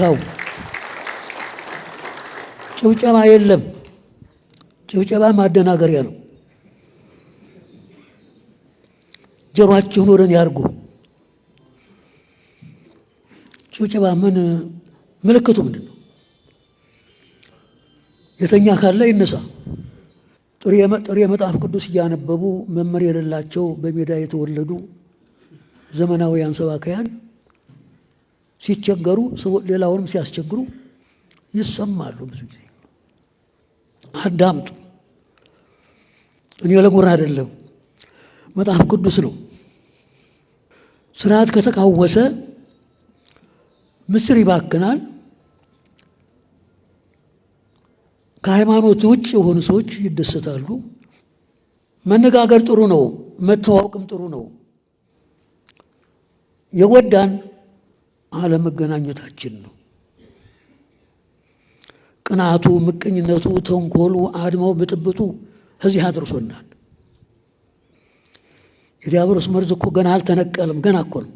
ተው፣ ጭብጨባ የለም። ጭብጨባ ማደናገሪያ ነው። ጀሯችሁን ወደ ያርጉ። ጭብጨባ ምን ምልክቱ ምንድን ነው? የተኛ ካለ ይነሳ። ጥሬ መጽሐፍ ቅዱስ እያነበቡ መምህር የሌላቸው በሜዳ የተወለዱ ዘመናዊ አንሰባካያን ሲቸገሩ ሌላውንም ሲያስቸግሩ ይሰማሉ። ብዙ ጊዜ አዳምጡ። እኔ ለጎር አይደለም፣ መጽሐፍ ቅዱስ ነው። ስርዓት ከተቃወሰ ምስር ይባክናል። ከሃይማኖት ውጭ የሆኑ ሰዎች ይደሰታሉ። መነጋገር ጥሩ ነው፣ መተዋወቅም ጥሩ ነው። የጎዳን አለመገናኘታችን ነው። ቅናቱ፣ ምቀኝነቱ፣ ተንኮሉ፣ አድማው፣ ብጥብጡ እዚህ አድርሶናል። የዲያብሎስ መርዝ እኮ ገና አልተነቀልም፣ ገና እኮ ነው።